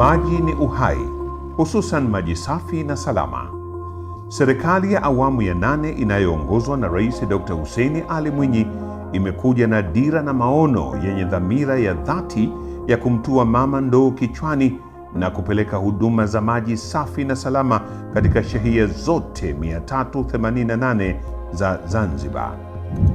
Maji ni uhai, hususan maji safi na salama. Serikali ya awamu ya nane inayoongozwa na Rais Dr. Hussein Ali Mwinyi imekuja na dira na maono yenye dhamira ya dhati ya kumtua mama ndoo kichwani na kupeleka huduma za maji safi na salama katika shehia zote 388 za Zanzibar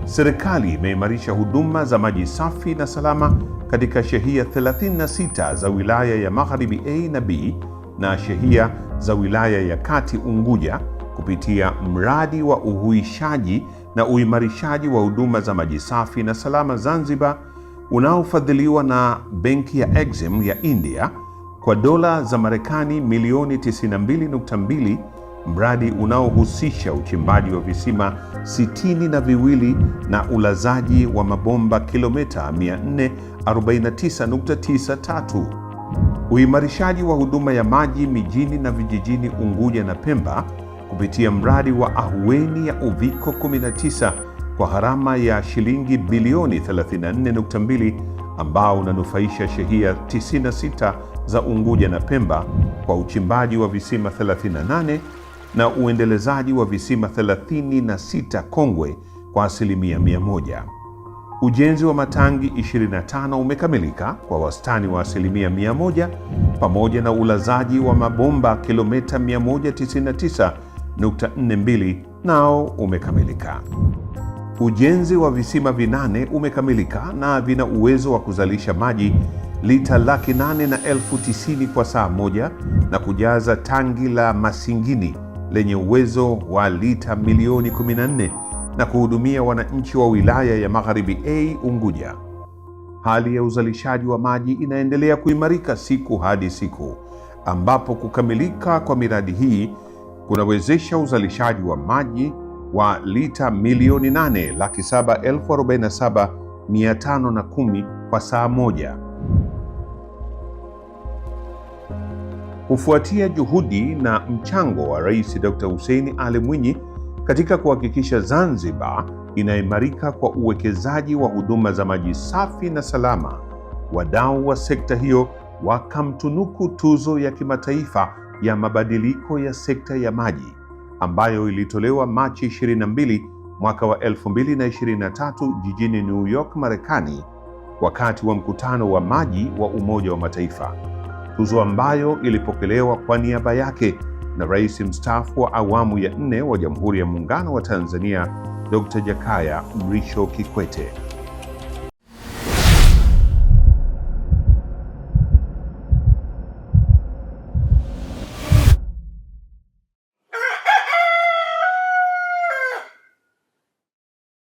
serikali imeimarisha huduma za maji safi na salama katika shehia 36 za wilaya ya Magharibi A na B na shehia za wilaya ya Kati Unguja kupitia mradi wa uhuishaji na uimarishaji wa huduma za maji safi na salama Zanzibar unaofadhiliwa na Benki ya Exim ya India kwa dola za Marekani milioni 92.2 mradi unaohusisha uchimbaji wa visima sitini na viwili na ulazaji wa mabomba kilomita 449.93. Uimarishaji wa huduma ya maji mijini na vijijini Unguja na Pemba kupitia mradi wa ahueni ya Uviko 19 kwa gharama ya shilingi bilioni 34.2 ambao unanufaisha shehia 96 za Unguja na Pemba kwa uchimbaji wa visima 38 na uendelezaji wa visima 36 kongwe kwa asilimia 100. Ujenzi wa matangi 25 umekamilika kwa wastani wa asilimia 100 pamoja na ulazaji wa mabomba kilomita 199.42 nao umekamilika. Ujenzi wa visima vinane umekamilika na vina uwezo wa kuzalisha maji lita laki nane na elfu tisini kwa saa moja na kujaza tangi la Masingini lenye uwezo wa lita milioni 14 na kuhudumia wananchi wa wilaya ya Magharibi A Unguja. Hali ya uzalishaji wa maji inaendelea kuimarika siku hadi siku, ambapo kukamilika kwa miradi hii kunawezesha uzalishaji wa maji wa lita milioni 8 laki 7 elfu 47 mia tano na kumi kwa saa moja. Kufuatia juhudi na mchango wa Rais Dr. Hussein Ali Mwinyi katika kuhakikisha Zanzibar inaimarika kwa uwekezaji wa huduma za maji safi na salama, wadau wa sekta hiyo wakamtunuku tuzo ya kimataifa ya mabadiliko ya sekta ya maji ambayo ilitolewa Machi 22 mwaka wa 2023 jijini New York, Marekani wakati wa mkutano wa maji wa Umoja wa Mataifa tuzo ambayo ilipokelewa kwa niaba yake na rais mstaafu wa awamu ya nne wa Jamhuri ya Muungano wa Tanzania Dr. Jakaya Mrisho Kikwete.